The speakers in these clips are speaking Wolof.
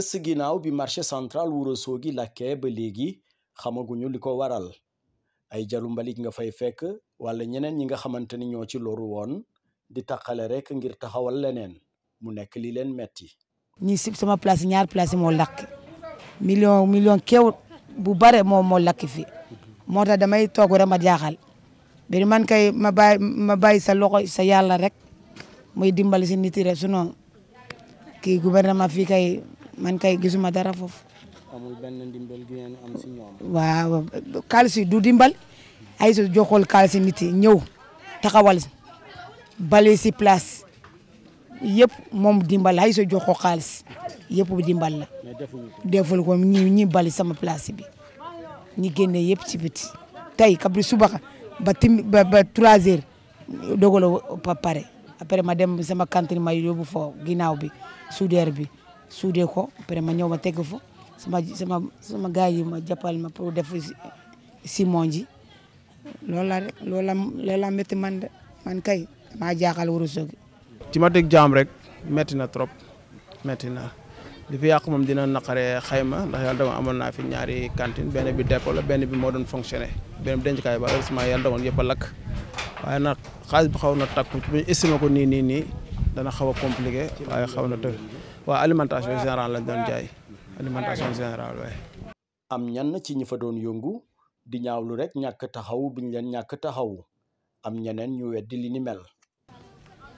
bés ginnaaw bi marché central Ourossogui lakkee ba léegi xamaguñu li ko waral ay jalu mbalit nga fay fekk wala ñeneen ñi nga xamante ni ñoo ci loru woon di taqale rek ngir taxawal leneen mu nekk li leen metti ñi si sama place ñaar place moo lakk million million kew bu bare moom moo lakk fi moo ta damay toog rek ma jaaxal bari man kay ma bàyyi ma bàyyi sa loxo sa yàlla rek muy dimbali si nit yi rek sinon fii kay man kay gisuma dara foofu. amul benn ndimbal gi waaw xaalis du dimbal ay su joxol xaalis yi nit yi ñëw taxawal bale si place yëpp moom dimbal ay su joxoo xaalis yëpp dimbal la. mais deful ko ñi ñi sama place bi ñi génne yëpp ci biti tey kabri subaxa ba tim ba trois heures dogaloo ba après ma dem sama cantine ma yóbbu fo ginnaaw bi soudeur bi. suudee ko après ma ñëw ma teg fa sama sama sama gars yi ma jàppal ma pour def simon ji loolu la rek loolu la loolu la métti man de man kay maa jaaxal wërësoo gi. ci ma dëgg jaam rek métti na trop métti na li fi yàqu moom dina naqaree xayma ndax yàlla dogal amoon naa fi ñaari cantine benn bi dépôt la benn bi moo doon fonctionné benn bi dencukaay ba ma yàlla dogal yëpp a lakk waaye na xaalis bi xaw na takku bu ñu estimé ko nii nii nii dana xaw a compliqué waaye xaw na të. waaw alimentation général lañ doon jaay alimentation am ñenn ci ñi fa doon yëngu di ñaawlu rek ñàkk taxaw bi ñu leen ñàkk taxaw am ñeneen ñu weddi li ni mel.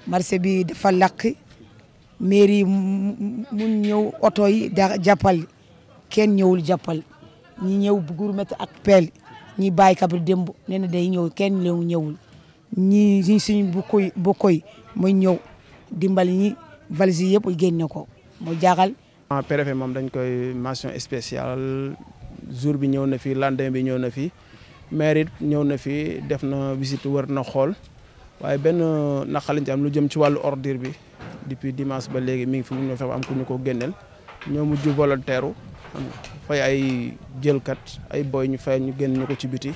marché bi dafa lakk mairie mu ñëw oto yi da jàppal kenn ñëwul jàppal ñi ñëw gourmet ak pel ñi bàyyi kabri démb nee day ñëw kenn lewu ñëwul ñi suñ bu koy bu koy ñëw dimbali ñi valise yëpp génne ko. mu jaaxal. préfet moom dañ koy mention spéciale jour bi ñëw na fi lendemain bi ñëw na fi maire it ñëw na fi def na visite war na xool waaye benn naqar lañ ci am lu jëm ci wàllu ordire bi depuis dimanche ba léegi mi ngi fi mu ñëw fa am ku ñu ko génneel ñoo mujj volontaire fay ay jël kat ay boy ñu fay ñu génn ñu ko ci biti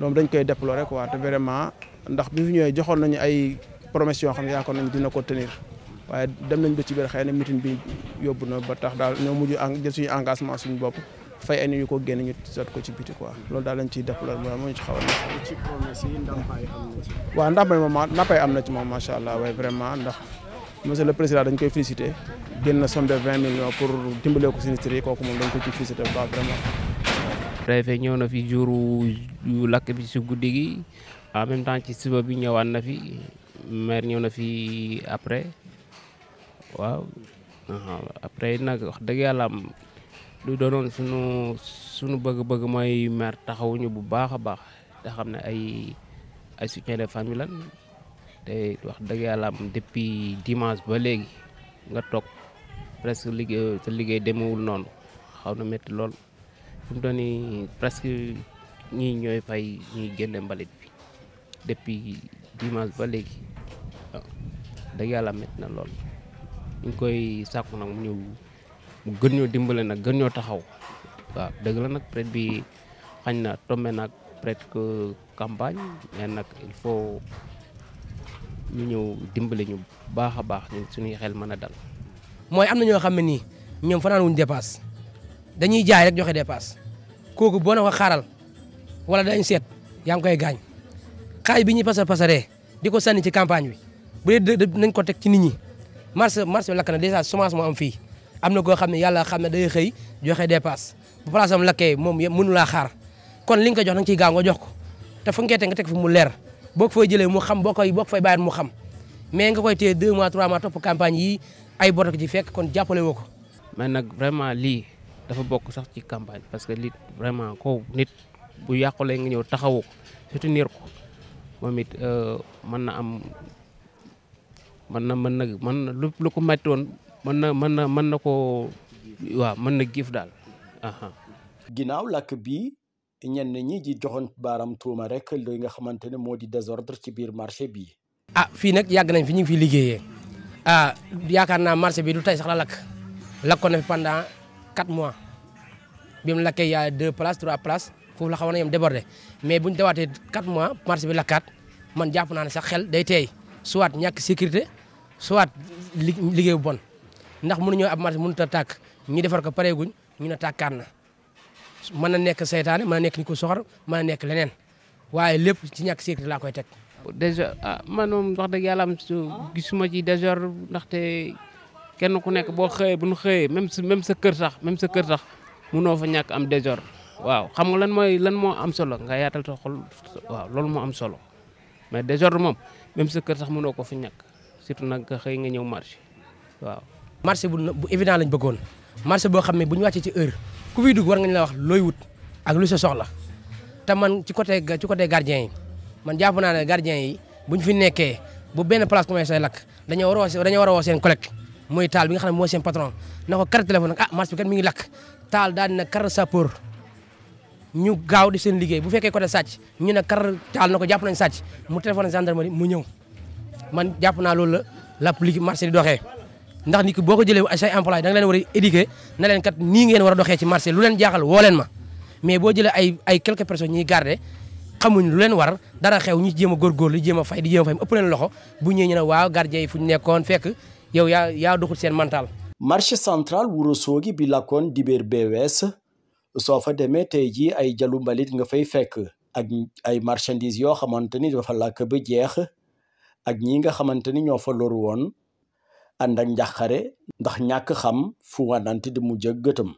loolu dañ koy déplorer rek te vraiment ndax bi fi ñëwee joxoon nañu ay promesses yoo xam ne yaakaar nañ dina ko tenir. waaye dem nañ ba ci biir xëy na meeting bi yóbbu na ba tax daal ñoo mujj jël suñu engagement suñu bopp fay ay nit ko génn ñu jot ko ci biti quoi loolu daal lañ ciy déploré mooy moo ñu ci xaw a nekk. ci promesse yi ndàmpaay am na ci. moom ndàmpaay am na ci moom macha allah waaye vraiment ndax monsieur le président dañ koy félicité génn na de vingt millions pour dimbale ko sinistre yi kooku moom dañ ko ci félicité bu baax vraiment. préfet ñëw na fi juru lakk bi si guddi gi en même temps ci suba bi ñëwaat na fi maire ñëw na fi après. waaw après nag wax dëgg yàlla am lu doonoon sunu sunu bëgg-bëgg mooy maire taxawuñu bu baax a baax te xam ne ay ay soutien de famille lan te wax dëgg yàlla am depuis dimanche ba léegi nga toog presque liggéey sa liggéey demewul noonu xaw na métti lool fu mu toll nii presque ñii ñooy fay ñuy génne mbalit bi depuis dimanche ba léegi waaw dëgg yàlla métti na lool. ñu koy sàkku nag mu ñëw mu gën ñoo dimbale nag gën ñoo taxaw waaw dëgg la nag peut-être bi xañ na tome nag peut-être que campagne nag il faut ñu ñëw dimbale ñu baax a baax ñun suñuy xel mën a dal. mooy am na ñoo xam ne nii ñoom fanaan wuñ dépasse dañuy jaay rek joxe dépasse kooku boo na ko xaaral wala dañ seet yaa ngi koy gaañ xaaj bi ñu pasar pasaree di ko sànni ci campagne bi bu dee nañ ko teg ci nit ñi. marché marché bi lakk na dèjà semence moo am fii am na koo xam ne yàlla xam ne day xëy joxe dépasse bu place am lakkee moom mënu laa xaar kon li nga ko jox da nga ciy jox ko te fu nga nga teg mu leer boo ko fay jëlee mu xam boo koy boo ko fay bàyyi xam mais nga koy téye 2 mois 3 mois topp campagne yi ay bor ci fekk kon jàppale woo ko. mais nag vraiment lii dafa bokk sax ci campagne parce que lii vraiment ko nit bu yàqulee nga ñëw taxawu ko soutenir ko moom it euh, mën na am. mën na mën na mën na lu lu ko metti woon mën na mën na mën na koo waaw mën na giif daal. ginnaaw làkk bi ñenn ñi ji joxoon baaram tuuma rek li nga xamante ne moo di désordre ci biir marché bii ah fii nag yàgg nañ fi ñu ngi fi liggéeyee ah yaakaar naa marché bii du tey sax la lakk lakkoon na fi pendant quatre mois bi mu lakkee y a deux places trois places foofu la xawoon na yem débordé mais bu ñu dawaatee quatre mois marché bi lakkaat man jàpp naa ne sax xel day teey soit ñàkk sécurité soit liggéey bu bon ndax mun mënuñoo ab marché mënut a tàkk ñu defar ko pareeguñ ñu ne tàkkaat na mën na nekk seytaane mën nekk ni ko soxor mën nekk leneen waaye lépp si ñàkk sécurité laa koy teg. déjà ah man moom wax dëgg yàlla am gisuma ci désordre ndaxte kenn ku nekk boo xëyee bu ñu xëyee même sa même sa kër sax même sa kër sax munoo fa ñàkk am désordre waaw xam lan mooy lan moo am solo nga yaatal sa xol loolu moo am solo mais désordre moom. même sa kër sax noo ko fi ñàkk surtout nag nga xëy nga ñëw marché waaw. marché bu bu évident lañ bëggoon marché boo xam ne bu ñu wàccee ci heure ku fiy dugg war nga ñu la wax looy wut ak lu sa soxla te man ci côté ci côté gardien yi man jàpp naa ne gardien yi bu ñu fi nekkee bu benn place commencé lakk dañoo war a war a woo seen collègue muy taal bi nga xam ne mooy seen patron na ko carte téléphone ah marché bi kat mi ngi lakk taal daal dina carte sapeur. ñu gaaw di seen liggéey bu fekkee côté sàcc ñu ne kar taal na ko jàpp nañ sàcc mu téléphoné gendarmerie mu ñëw man jàpp naa loolu la la public marché di doxee ndax nit ki boo ko jëlee ay say employé da nga leen war a éduquer na leen kat nii ngeen war a doxee ci marché lu leen jaaxal woo mais boo jëlee ay ay quelques personnes ñuy lu leen war dara xew ñu jéem a góorgóorlu jéem a fay di jéem a fay ëpp leen loxo bu ñëwee ñu ne waaw gardien fu ñu nekkoon fekk yow yaa yaa seen mental marché central Ourossogui bi lakkoon dibéer bee wees soo fa demee tey jii ay jalu mbalit nga fay fekk ak ay marchandises yoo xamante ni dafa làkk ba jeex ak ñi nga xamante ni ñoo fa loru woon ànd ak njàqare ndax ñàkk xam fu wanante di mu jëg gëtam